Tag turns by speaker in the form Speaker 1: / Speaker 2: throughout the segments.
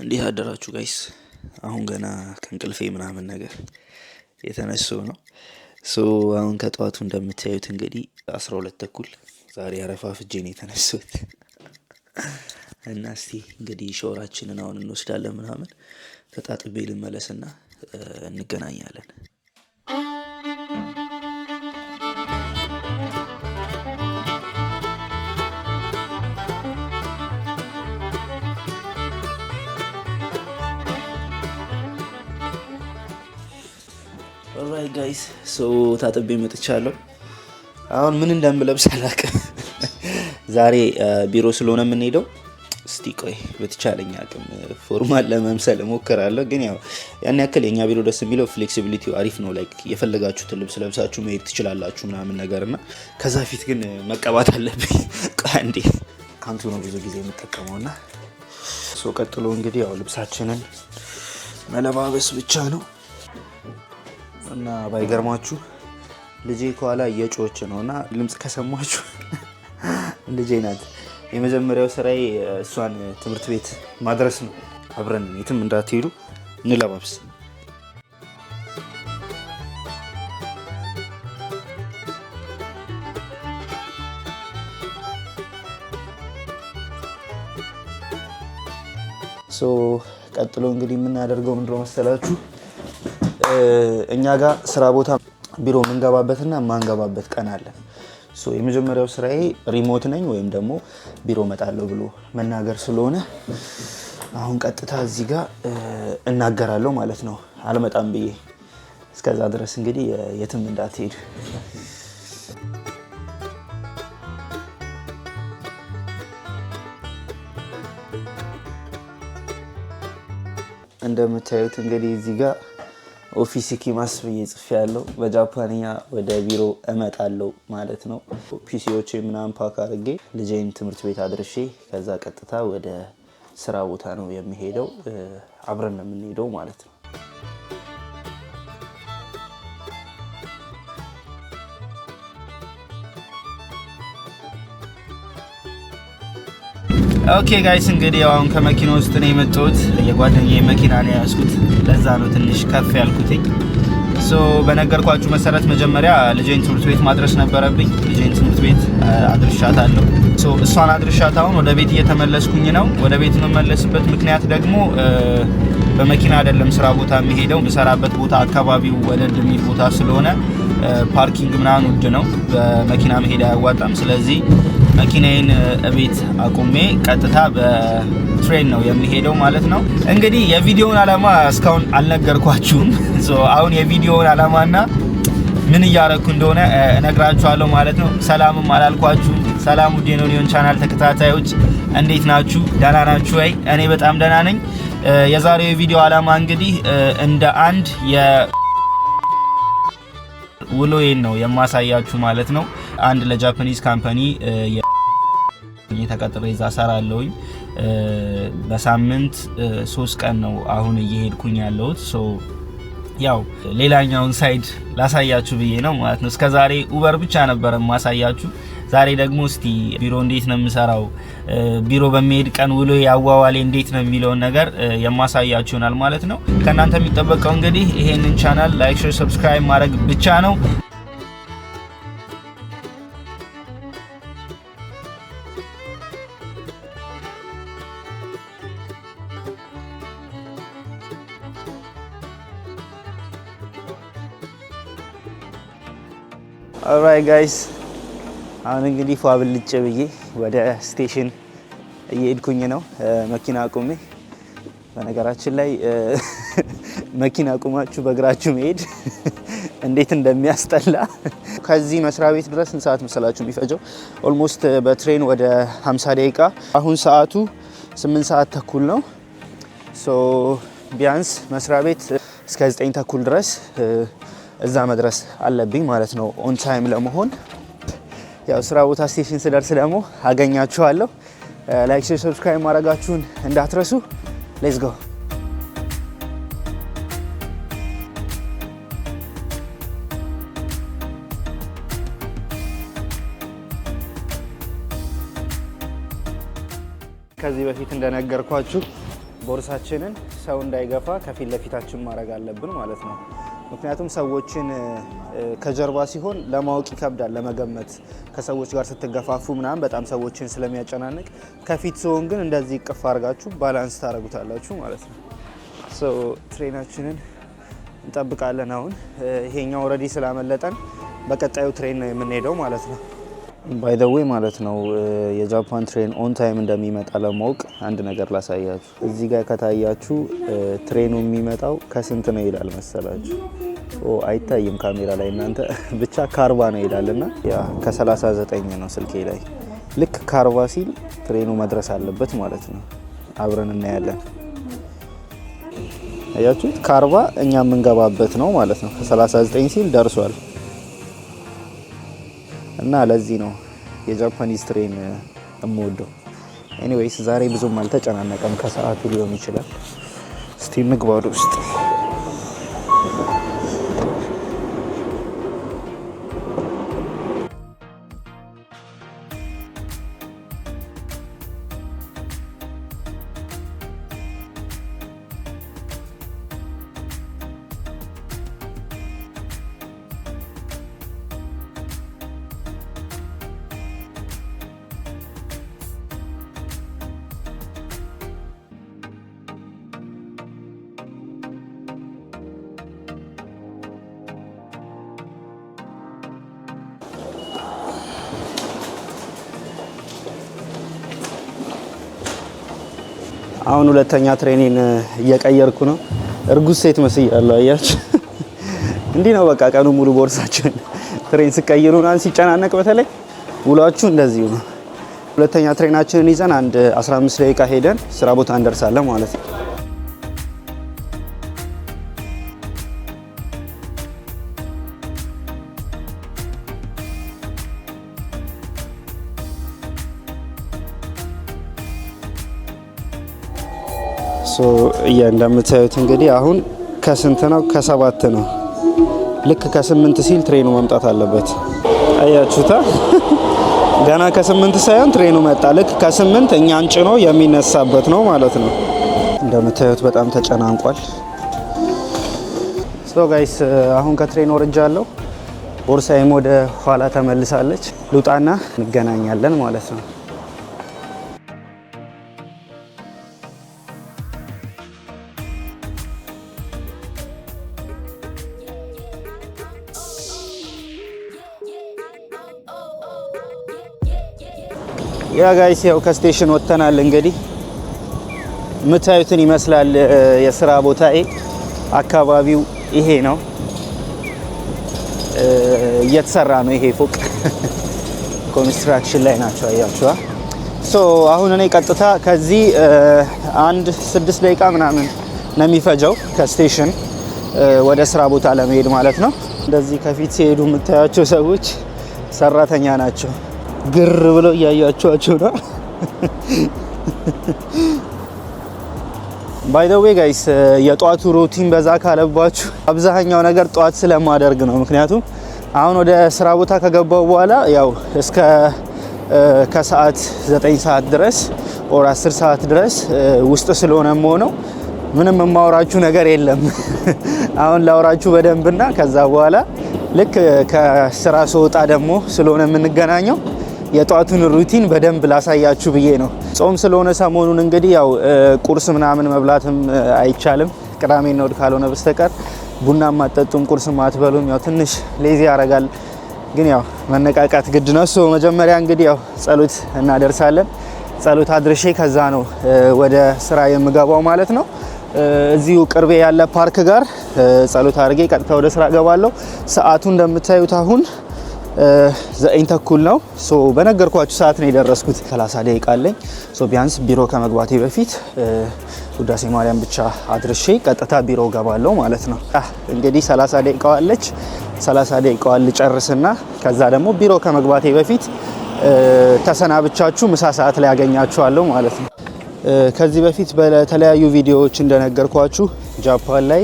Speaker 1: እንዲህ አደራችሁ ጋይስ? አሁን ገና ከእንቅልፌ ምናምን ነገር የተነሱ ነው። ሶ አሁን ከጠዋቱ እንደምታዩት እንግዲህ አስራ ሁለት ተኩል ዛሬ አረፋ ነው የተነሱት እና እስቲ እንግዲህ ሾራችንን አሁን እንወስዳለን ምናምን ተጣጥቤ ልመለስና እንገናኛለን። ኦራይ ጋይስ ሶ ታጥቤ መጥቻለሁ። አሁን ምን እንደምለብስ አላውቅም። ዛሬ ቢሮ ስለሆነ የምንሄደው እስቲ ቆይ በተቻለኝ አቅም ፎርማል ለመምሰል እሞክራለሁ። ግን ያው ያን ያክል የኛ ቢሮ ደስ የሚለው ፍሌክሲቢሊቲው አሪፍ ነው። ላይክ የፈለጋችሁትን ልብስ ለብሳችሁ መሄድ ትችላላችሁ ምናምን ነገር እና ከዛ ፊት ግን መቀባት አለብኝ። ቆይ አንዴ ካንቱ ነው ብዙ ጊዜ የምጠቀመው እና ሶ ቀጥሎ እንግዲህ ያው ልብሳችንን መለባበስ ብቻ ነው። እና ባይገርማችሁ ልጄ ከኋላ እየጮች ነው እና ድምፅ ከሰማችሁ ልጄ ናት። የመጀመሪያው ስራዬ እሷን ትምህርት ቤት ማድረስ ነው። አብረን የትም እንዳትሄዱ እንለባብስ። ቀጥሎ እንግዲህ የምናደርገው ምንድነው መሰላችሁ እኛ ጋር ስራ ቦታ ቢሮ የምንገባበትና የማንገባበት ቀን አለ። የመጀመሪያው ስራዬ ሪሞት ነኝ ወይም ደግሞ ቢሮ መጣለሁ ብሎ መናገር ስለሆነ አሁን ቀጥታ እዚህ ጋር እናገራለሁ ማለት ነው፣ አልመጣም ብዬ። እስከዛ ድረስ እንግዲህ የትም እንዳትሄድ እንደምታዩት እንግዲህ እዚህ ጋር ኦፊስ ኪማስ ብዬ ጽፌ ያለው በጃፓንኛ ወደ ቢሮ እመጣለው ማለት ነው። ፒሲዎች ምናምን ፓክ አድርጌ ልጄን ትምህርት ቤት አድርሼ ከዛ ቀጥታ ወደ ስራ ቦታ ነው የሚሄደው። አብረን ነው የምንሄደው ማለት ነው። ኦኬ ጋይስ እንግዲህ አሁን ከመኪና ውስጥ ነው የመጣሁት። የጓደኛዬ መኪና ነው የያዝኩት። ለዛ ነው ትንሽ ከፍ ያልኩትኝ። ሶ በነገርኳችሁ መሰረት መጀመሪያ ልጄን ትምህርት ቤት ማድረስ ነበረብኝ። ልጄን ትምህርት ቤት አድርሻታለሁ። ሶ እሷን አድርሻት አሁን ወደ ቤት እየተመለስኩኝ ነው። ወደ ቤት የምመለስበት ምክንያት ደግሞ በመኪና አይደለም ስራ ቦታ የሚሄደው የምሰራበት ቦታ አካባቢው ወደድ የሚል ቦታ ስለሆነ ፓርኪንግ ምናምን ውድ ነው። በመኪና መሄድ አያዋጣም። ስለዚህ መኪናዬን እቤት አቁሜ ቀጥታ በትሬን ነው የሚሄደው ማለት ነው። እንግዲህ የቪዲዮውን ዓላማ እስካሁን አልነገርኳችሁም። አሁን የቪዲዮውን ዓላማና ምን እያረኩ እንደሆነ እነግራችኋለሁ ማለት ነው። ሰላምም አላልኳችሁ። ሰላም ውድ የኖኒዮን ቻናል ተከታታዮች እንዴት ናችሁ? ደህና ናችሁ ወይ? እኔ በጣም ደህና ነኝ። የዛሬው የቪዲዮ ዓላማ እንግዲህ እንደ አንድ ውሎዬን ነው የማሳያችሁ ማለት ነው። አንድ ለጃፓኒዝ ካምፓኒ ተቀጥሬ እዛ ሰራለሁኝ። በሳምንት ሶስት ቀን ነው አሁን እየሄድኩኝ ያለሁት። ያው ሌላኛውን ሳይድ ላሳያችሁ ብዬ ነው ማለት ነው። እስከዛሬ ኡበር ብቻ ነበረ ማሳያችሁ። ዛሬ ደግሞ እስቲ ቢሮ እንዴት ነው የምሰራው፣ ቢሮ በሚሄድ ቀን ውሎ ያዋዋል እንዴት ነው የሚለውን ነገር የማሳያችሁ ይሆናል ማለት ነው። ከእናንተ የሚጠበቀው እንግዲህ ይሄንን ቻናል ላይክ፣ ሼር፣ ሰብስክራይብ ማድረግ ብቻ ነው። ኦልራይት ጋይስ አሁን እንግዲህ ፏ ብልጭ ብዬ ወደ ስቴሽን እየሄድኩኝ ነው። መኪና አቁሜ በነገራችን ላይ መኪና አቁማችሁ በእግራችሁ መሄድ እንዴት እንደሚያስጠላ ከዚህ መስሪያ ቤት ድረስ ስንት ሰዓት መሰላችሁ የሚፈጀው? ኦልሞስት በትሬን ወደ 50 ደቂቃ። አሁን ሰዓቱ 8 ሰዓት ተኩል ነው። ሶ ቢያንስ መስሪያ ቤት እስከ 9 ተኩል ድረስ እዛ መድረስ አለብኝ ማለት ነው ኦን ታይም ለመሆን። ያው ስራ ቦታ ስቴሽን ስደርስ ደግሞ አገኛችኋለሁ። ላይክ፣ ሼር፣ ሰብስክራይብ ማድረጋችሁን እንዳትረሱ። ሌትስ ጎ ከዚህ በፊት እንደነገርኳችሁ ቦርሳችንን ሰው እንዳይገፋ ከፊት ለፊታችን ማድረግ አለብን ማለት ነው። ምክንያቱም ሰዎችን ከጀርባ ሲሆን ለማወቅ ይከብዳል፣ ለመገመት ከሰዎች ጋር ስትገፋፉ ምናምን በጣም ሰዎችን ስለሚያጨናንቅ፣ ከፊት ሲሆን ግን እንደዚህ ቅፍ አድርጋችሁ ባላንስ ታደርጉታላችሁ ማለት ነው። ትሬናችንን እንጠብቃለን። አሁን ይሄኛው ረዲ ስላመለጠን በቀጣዩ ትሬን ነው የምንሄደው ማለት ነው። ባይ ዘ ዌይ ማለት ነው የጃፓን ትሬን ኦን ታይም እንደሚመጣ ለማወቅ አንድ ነገር ላሳያችሁ። እዚህ ጋር ከታያችሁ ትሬኑ የሚመጣው ከስንት ነው ይላል መሰላችሁ? አይታይም ካሜራ ላይ እናንተ ብቻ ካርባ ነው ይላል እና ያ ከ39 ነው ስልኬ ላይ ልክ ካርባ ሲል ትሬኑ መድረስ አለበት ማለት ነው። አብረን እናያለን። አያችሁት? ካርባ እኛ የምንገባበት ነው ማለት ነው። ከ39 ሲል ደርሷል። እና ለዚህ ነው የጃፓኒዝ ትሬን የምወደው። ኤኒዌይስ ዛሬ ብዙም አልተጨናነቀም። ከሰዓቱ ሊሆን ይችላል። እስቲ ምግባዱ ውስጥ አሁን ሁለተኛ ትሬኒን እየቀየርኩ ነው። እርጉዝ ሴት መስያለሁ። አያችሁ፣ እንዲህ ነው በቃ ቀኑ ሙሉ ቦርሳችን ትሬን ስቀይሩ ምናምን ሲጨናነቅ፣ በተለይ ውሏችሁ እንደዚሁ ነው። ሁለተኛ ትሬናችንን ይዘን አንድ 15 ደቂቃ ሄደን ስራ ቦታ እንደርሳለን ማለት ነው። እንደምታዩት እንግዲህ አሁን ከስንት ነው? ከሰባት ነው። ልክ ከስምንት ሲል ትሬኑ መምጣት አለበት። አያችሁታ? ገና ከስምንት ሳይሆን ትሬኑ መጣ። ልክ ከስምንት እኛን ጭኖ የሚነሳበት ነው ማለት ነው። እንደምታዩት በጣም ተጨናንቋል። ሶ ጋይስ አሁን ከትሬን ወርጃለሁ። ቦርሳዬም ወደ ኋላ ተመልሳለች። ሉጣና እንገናኛለን ማለት ነው። ያ ጋይስ ያው ከስቴሽን ወጥተናል። እንግዲህ የምታዩትን ይመስላል የስራ ቦታዬ። አካባቢው ይሄ ነው። እየተሰራ ነው። ይሄ ፎቅ ኮንስትራክሽን ላይ ናቸው። አያችኋ። ሶ አሁን እኔ ቀጥታ ከዚህ አንድ ስድስት ደቂቃ ምናምን ነው የሚፈጀው ከስቴሽን ወደ ስራ ቦታ ለመሄድ ማለት ነው። እንደዚህ ከፊት ሲሄዱ የምታያቸው ሰዎች ሰራተኛ ናቸው። ግር ብለው እያያቸዋቸው ነው። ዌይ ጋይስ uh, የጧቱ ሩቲን በዛ ካለባችሁ አብዛኛው ነገር ጧት ስለማደርግ ነው። ምክንያቱም አሁን ወደ ስራ ቦታ ከገባው በኋላ ያው እስከ uh, ከሰዓት 9 ሰዓት ድረስ ኦር 10 ሰዓት ድረስ uh, ውስጥ ስለሆነ መሆነው ምንም የማውራችሁ ነገር የለም። አሁን ላውራችሁ በደንብና ከዛ በኋላ ልክ ከስራ ስወጣ ደግሞ ስለሆነ የምንገናኘው የጧቱን ሩቲን በደንብ ላሳያችሁ ብዬ ነው። ጾም ስለሆነ ሰሞኑን እንግዲህ ያው ቁርስ ምናምን መብላትም አይቻልም፣ ቅዳሜና እሁድ ካልሆነ በስተቀር ቡናም ማጠጡም ቁርስም ማትበሉም ያው ትንሽ ሌዚ ያደርጋል፣ ግን ያው መነቃቃት ግድ ነው። መጀመሪያ እንግዲህ ያው ጸሎት እናደርሳለን። ጸሎት አድርሼ ከዛ ነው ወደ ስራ የምገባው ማለት ነው። እዚሁ ቅርቤ ያለ ፓርክ ጋር ጸሎት አድርጌ ቀጥታ ወደ ስራ እገባለሁ። ሰዓቱ እንደምታዩት አሁን ዘጠኝ ተኩል ነው። ሶ በነገርኳችሁ ሰዓት ነው የደረስኩት። 30 ደቂቃ አለኝ። ሶ ቢያንስ ቢሮ ከመግባቴ በፊት ውዳሴ ማርያም ብቻ አድርሼ ቀጥታ ቢሮ ገባለው ማለት ነው። እንግዲህ 30 ደቂቃ አለች። 30 ደቂቃ ልጨርስና ከዛ ደግሞ ቢሮ ከመግባቴ በፊት ተሰናብቻችሁ ምሳ ሰዓት ላይ ያገኛችኋለሁ ማለት ነው። ከዚህ በፊት በተለያዩ ቪዲዮዎች እንደነገርኳችሁ ጃፓን ላይ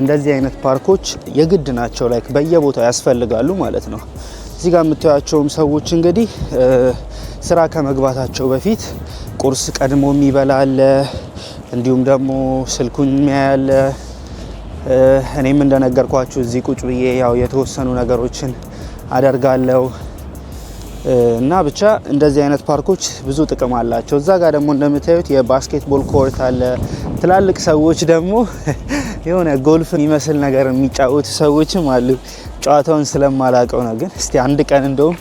Speaker 1: እንደዚህ አይነት ፓርኮች የግድ ናቸው። ላይክ በየቦታው ያስፈልጋሉ ማለት ነው። እዚህ ጋር የምታያቸውም ሰዎች እንግዲህ ስራ ከመግባታቸው በፊት ቁርስ ቀድሞ የሚበላ አለ፣ እንዲሁም ደግሞ ስልኩን የሚያያለ። እኔም እንደነገርኳችሁ እዚህ ቁጭ ብዬ ያው የተወሰኑ ነገሮችን አደርጋለሁ። እና ብቻ እንደዚህ አይነት ፓርኮች ብዙ ጥቅም አላቸው። እዛ ጋር ደግሞ እንደምታዩት የባስኬትቦል ኮርት አለ። ትላልቅ ሰዎች ደግሞ የሆነ ጎልፍ የሚመስል ነገር የሚጫወቱ ሰዎችም አሉ። ጨዋታውን ስለማላቀው ነው፣ ግን እስቲ አንድ ቀን እንደውም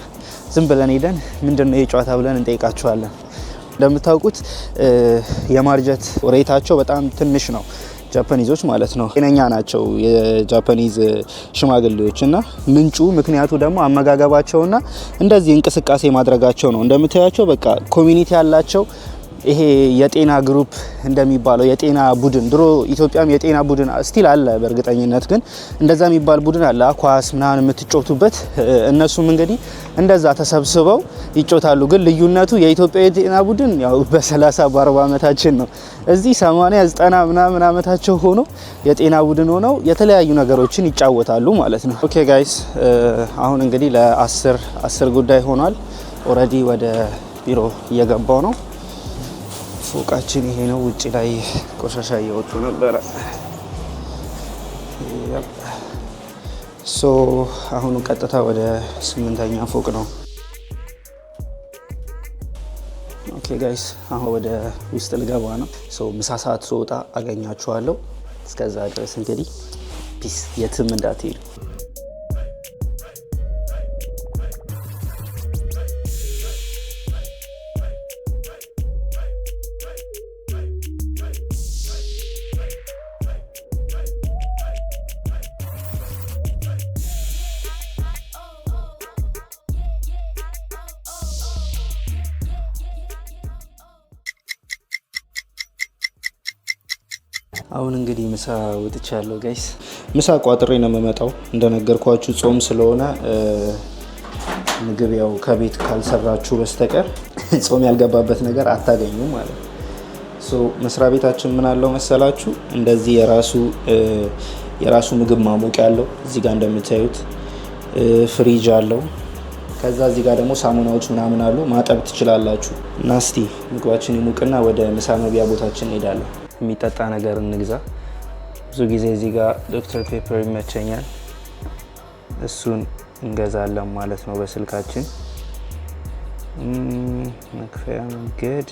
Speaker 1: ዝም ብለን ሄደን ምንድን ነው የጨዋታ ብለን እንጠይቃችኋለን። እንደምታውቁት የማርጀት ሬታቸው በጣም ትንሽ ነው። ጃፓኒዞች ማለት ነው ጤነኛ ናቸው የጃፓኒዝ ሽማግሌዎች። እና ምንጩ ምክንያቱ ደግሞ አመጋገባቸውና እንደዚህ እንቅስቃሴ ማድረጋቸው ነው። እንደምታያቸው በቃ ኮሚኒቲ ያላቸው ይሄ የጤና ግሩፕ እንደሚባለው የጤና ቡድን ድሮ ኢትዮጵያም የጤና ቡድን ስቲል አለ። በእርግጠኝነት ግን እንደዛ የሚባል ቡድን አለ፣ ኳስ ምናምን የምትጮቱበት። እነሱም እንግዲህ እንደዛ ተሰብስበው ይጮታሉ። ግን ልዩነቱ የኢትዮጵያ የጤና ቡድን ያው በ30 በ40 ዓመታችን ነው። እዚህ 80 90 ምናምን ዓመታቸው ሆኖ የጤና ቡድን ሆነው የተለያዩ ነገሮችን ይጫወታሉ ማለት ነው። ኦኬ ጋይስ አሁን እንግዲህ ለ10 10 ጉዳይ ሆኗል። ኦልሬዲ ወደ ቢሮ እየገባው ነው ፎቃችን ይሄ ነው። ውጭ ላይ ቆሻሻ እየወጡ ነበረ። ሶ አሁኑ ቀጥታ ወደ ስምንተኛ ፎቅ ነው። ኦኬ ጋይስ፣ አሁን ወደ ውስጥ ልገባ ነው። ምሳ ሰዓት ስወጣ አገኛችኋለሁ። እስከዛ ድረስ እንግዲህ ፒስ፣ የትም እንዳትሄዱ። አሁን እንግዲህ ምሳ ወጥቻለሁ ጋይስ። ምሳ ቋጥሬ ነው የምመጣው እንደነገርኳችሁ ጾም ስለሆነ ምግብ ያው ከቤት ካልሰራችሁ በስተቀር ጾም ያልገባበት ነገር አታገኙም ማለት ነው። መስሪያ ቤታችን ምን አለው መሰላችሁ እንደዚህ የራሱ የራሱ ምግብ ማሞቂያ አለው። እዚህ ጋር እንደምታዩት ፍሪጅ አለው። ከዛ እዚህ ጋር ደግሞ ሳሙናዎች ምናምን አሉ፣ ማጠብ ትችላላችሁ። እና እስቲ ምግባችን ይሙቅና ወደ ምሳ መብያ ቦታችን እንሄዳለን። የሚጠጣ ነገር እንግዛ። ብዙ ጊዜ እዚህ ጋር ዶክተር ፔፐር ይመቸኛል። እሱን እንገዛለን ማለት ነው በስልካችን መክፈያ መንገድ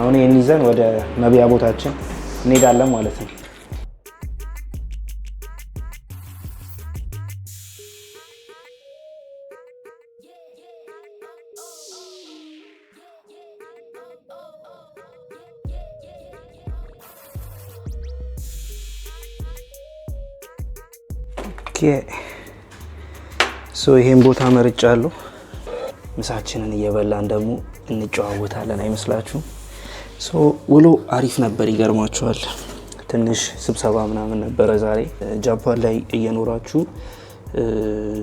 Speaker 1: አሁን ይህን ይዘን ወደ መብያ ቦታችን እንሄዳለን ማለት ነው። ሶ ይሄን ቦታ መርጫለሁ። ምሳችንን እየበላን ደግሞ እንጨዋወታለን። አይመስላችሁም? ሶ ውሎ አሪፍ ነበር። ይገርማችኋል ትንሽ ስብሰባ ምናምን ነበረ ዛሬ። ጃፓን ላይ እየኖራችሁ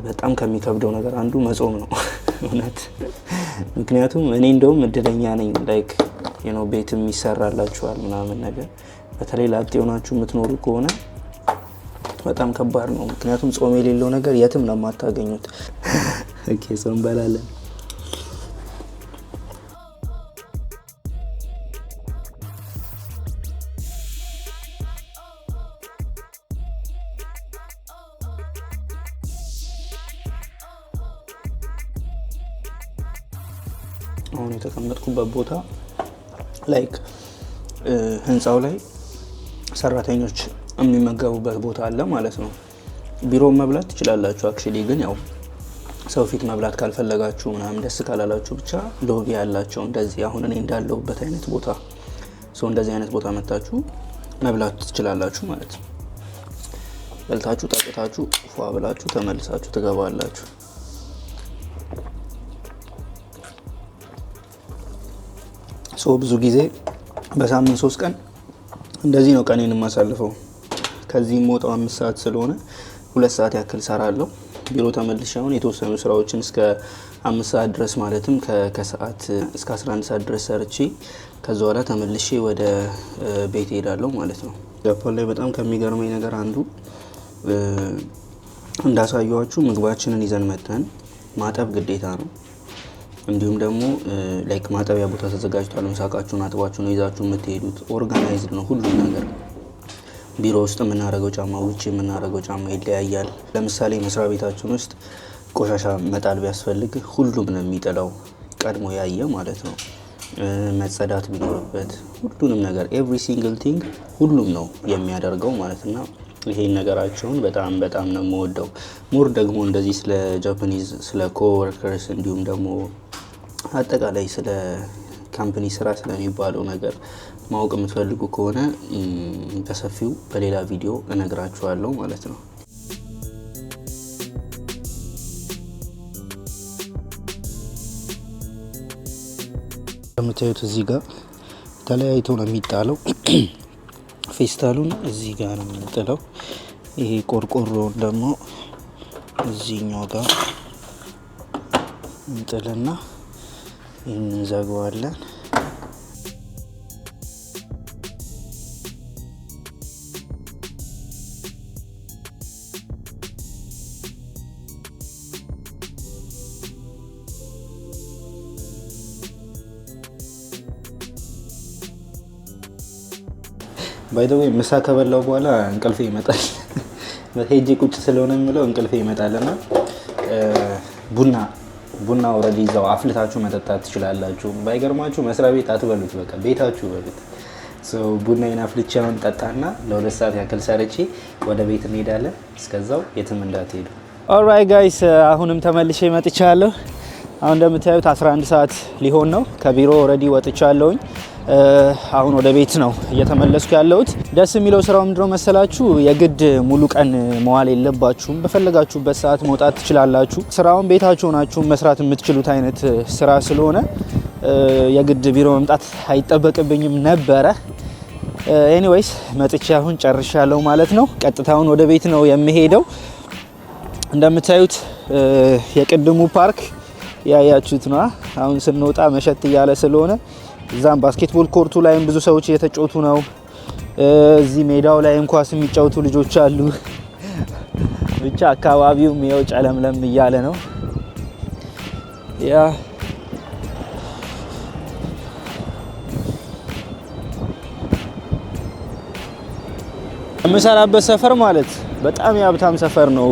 Speaker 1: በጣም ከሚከብደው ነገር አንዱ መጾም ነው እውነት። ምክንያቱም እኔ እንደውም እድለኛ ነኝ። ላይክ ቤትም ይሰራላችኋል ምናምን ነገር። በተለይ ላጤ ሆናችሁ የምትኖሩ ከሆነ በጣም ከባድ ነው። ምክንያቱም ጾም የሌለው ነገር የትም ነው የማታገኙት። ጾም እንበላለን። አሁን የተቀመጥኩበት ቦታ ላይክ ህንፃው ላይ ሰራተኞች የሚመገቡበት ቦታ አለ ማለት ነው። ቢሮ መብላት ትችላላችሁ። አክቹሊ ግን ያው ሰው ፊት መብላት ካልፈለጋችሁ ምናምን ደስ ካላላችሁ ብቻ ሎቢ ያላቸው እንደዚህ አሁን እኔ እንዳለሁበት አይነት ቦታ ሰው እንደዚህ አይነት ቦታ መታችሁ መብላት ትችላላችሁ ማለት ነው። በልታችሁ ጠጥታችሁ ፏ ብላችሁ ተመልሳችሁ ትገባላችሁ። ብዙ ጊዜ በሳምንት ሶስት ቀን እንደዚህ ነው ቀኔን የማሳልፈው። ከዚህ ሞጣው አምስት ሰዓት ስለሆነ ሁለት ሰዓት ያክል ሰራለሁ። ቢሮ ተመልሼ አሁን የተወሰኑ ስራዎችን እስከ አምስት ሰዓት ድረስ ማለትም ከሰዓት እስከ 11 ሰዓት ድረስ ሰርቼ ከዛ በኋላ ተመልሼ ወደ ቤት ሄዳለሁ ማለት ነው። ጃፓን ላይ በጣም ከሚገርመኝ ነገር አንዱ እንዳሳየዋችሁ ምግባችንን ይዘን መጥተን ማጠብ ግዴታ ነው። እንዲሁም ደግሞ ላይክ ማጠቢያ ቦታ ተዘጋጅቷል። ምሳቃችሁን አጥባችሁ ነው ይዛችሁ የምትሄዱት። ኦርጋናይዝድ ነው ሁሉም ነገር። ቢሮ ውስጥ የምናደርገው ጫማ ውጭ የምናደርገው ጫማ ይለያያል። ለምሳሌ መስሪያ ቤታችን ውስጥ ቆሻሻ መጣል ቢያስፈልግ ሁሉም ነው የሚጥለው፣ ቀድሞ ያየ ማለት ነው። መጸዳት ቢኖርበት ሁሉንም ነገር ኤቭሪ ሲንግል ቲንግ ሁሉም ነው የሚያደርገው ማለት እና ይሄን ነገራቸውን በጣም በጣም ነው የምወደው። ሙር ደግሞ እንደዚህ ስለ ጃፓኒዝ ስለ ኮወርከርስ እንዲሁም ደግሞ አጠቃላይ ስለ ካምፕኒ ስራ ስለሚባለው ነገር ማወቅ የምትፈልጉ ከሆነ በሰፊው በሌላ ቪዲዮ እነግራችኋለሁ ማለት ነው። እንደምታዩት እዚህ ጋር ተለያይቶ ነው የሚጣለው። ፌስታሉን እዚህ ጋር ነው የምንጥለው። ይሄ ቆርቆሮውን ደግሞ እዚህኛው ጋር እንጥልና ይህን እንዘግዋለን። ባይደዌ ምሳ ከበላው በኋላ እንቅልፌ ይመጣል። ሄጄ ቁጭ ስለሆነ የሚለው እንቅልፌ ይመጣል እና ቡና ቡና ኦልሬዲ ይዛው አፍልታችሁ መጠጣት ትችላላችሁ። ባይገርማችሁ መስሪያ ቤት አትበሉት፣ በቃ ቤታችሁ በሉት። ቡናዬን አፍልቼ አሁን ጠጣና ለሁለት ሰዓት ያክል ሰርቼ ወደ ቤት እንሄዳለን። እስከዛው የትም እንዳትሄዱ። ኦልራይ ጋይስ፣ አሁንም ተመልሼ መጥቻለሁ። አሁን እንደምታዩት 11 ሰዓት ሊሆን ነው። ከቢሮ ኦልሬዲ ወጥቻለሁኝ። አሁን ወደ ቤት ነው እየተመለስኩ ያለሁት። ደስ የሚለው ስራው ነው መሰላችሁ? የግድ ሙሉ ቀን መዋል የለባችሁም። በፈለጋችሁበት ሰዓት መውጣት ትችላላችሁ። ስራውን ቤታችሁ ናችሁ መስራት የምትችሉት አይነት ስራ ስለሆነ የግድ ቢሮ መምጣት አይጠበቅብኝም ነበረ። ኤኒዌይስ መጥቼ አሁን ጨርሻለሁ ማለት ነው። ቀጥታውን ወደ ቤት ነው የምሄደው። እንደምታዩት የቅድሙ ፓርክ ያያችሁት ነዋ። አሁን ስንወጣ መሸት እያለ ስለሆነ እዛም ባስኬትቦል ኮርቱ ላይም ብዙ ሰዎች እየተጫወቱ ነው። እዚህ ሜዳው ላይ እንኳስ የሚጫወቱ ልጆች አሉ። ብቻ አካባቢውም ያው ጨለምለም እያለ ነው። ያ የምሰራበት ሰፈር ማለት በጣም የሀብታም ሰፈር ነው።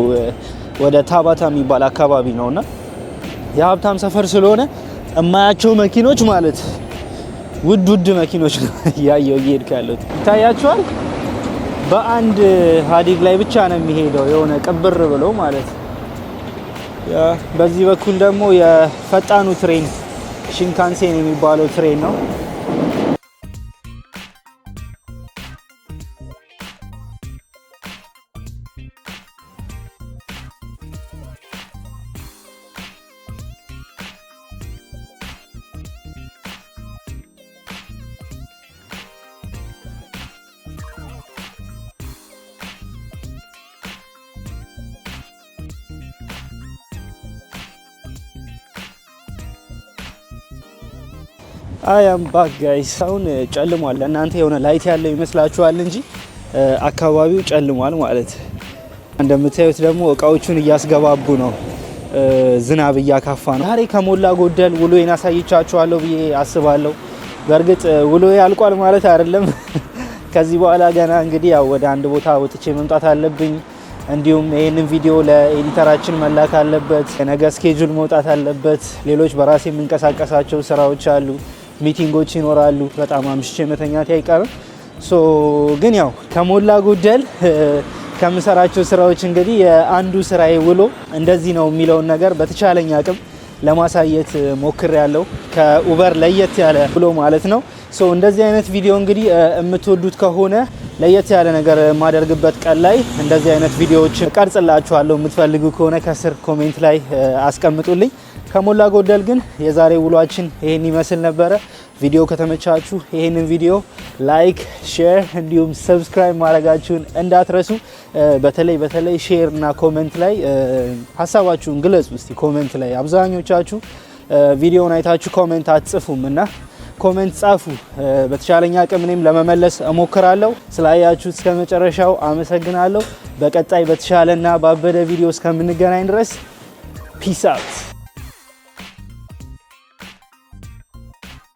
Speaker 1: ወደ ታባታ የሚባል አካባቢ ነውና የሀብታም ሰፈር ስለሆነ እማያቸው መኪኖች ማለት ውድ ውድ መኪኖች ነው እያየሁ እየሄድኩ ያለሁት። ይታያችኋል። በአንድ ሀዲድ ላይ ብቻ ነው የሚሄደው የሆነ ቅብር ብሎ ማለት። በዚህ በኩል ደግሞ የፈጣኑ ትሬን ሽንካንሴን የሚባለው ትሬን ነው። አያም ባክ ጋይስ። አሁን ጨልሟል። እናንተ የሆነ ላይት ያለው ይመስላችኋል እንጂ አካባቢው ጨልሟል ማለት። እንደምታዩት ደግሞ እቃዎቹን እያስገባቡ ነው፣ ዝናብ እያካፋ ነው። ዛሬ ከሞላ ጎደል ውሎዬን አሳይቻችኋለሁ ብዬ አስባለሁ። በእርግጥ ውሎዬ አልቋል ማለት አይደለም። ከዚህ በኋላ ገና እንግዲህ ያው ወደ አንድ ቦታ ወጥቼ መምጣት አለብኝ። እንዲሁም ይህንን ቪዲዮ ለኤዲተራችን መላክ አለበት። ነገ ስኬጁል መውጣት አለበት። ሌሎች በራሴ የምንቀሳቀሳቸው ስራዎች አሉ። ሚቲንጎች ይኖራሉ። በጣም አምሽቼ መተኛት አይቀርም። ሶ ግን ያው ከሞላ ጎደል ከምሰራቸው ስራዎች እንግዲህ የአንዱ ስራዬ ውሎ እንደዚህ ነው የሚለውን ነገር በተቻለኝ አቅም ለማሳየት ሞክር ያለው ከኡበር ለየት ያለ ብሎ ማለት ነው። ሶ እንደዚህ አይነት ቪዲዮ እንግዲህ የምትወዱት ከሆነ ለየት ያለ ነገር የማደርግበት ቀን ላይ እንደዚህ አይነት ቪዲዮዎች ቀርጽላችኋለሁ። የምትፈልጉ ከሆነ ከስር ኮሜንት ላይ አስቀምጡልኝ። ከሞላ ጎደል ግን የዛሬ ውሏችን ይሄን ይመስል ነበረ። ቪዲዮ ከተመቻችሁ ይሄንን ቪዲዮ ላይክ፣ ሼር እንዲሁም ሰብስክራይብ ማድረጋችሁን እንዳትረሱ። በተለይ በተለይ ሼር እና ኮመንት ላይ ሀሳባችሁን ግለጹ እስቲ ኮመንት ላይ አብዛኞቻችሁ ቪዲዮውን አይታችሁ ኮመንት አትጽፉም እና ኮመንት ጻፉ። በተሻለኛ አቅም እኔም ለመመለስ እሞክራለሁ። ስላያችሁ እስከ መጨረሻው አመሰግናለሁ። በቀጣይ በተሻለና ባበደ ቪዲዮ እስከምንገናኝ ድረስ ፒስ አውት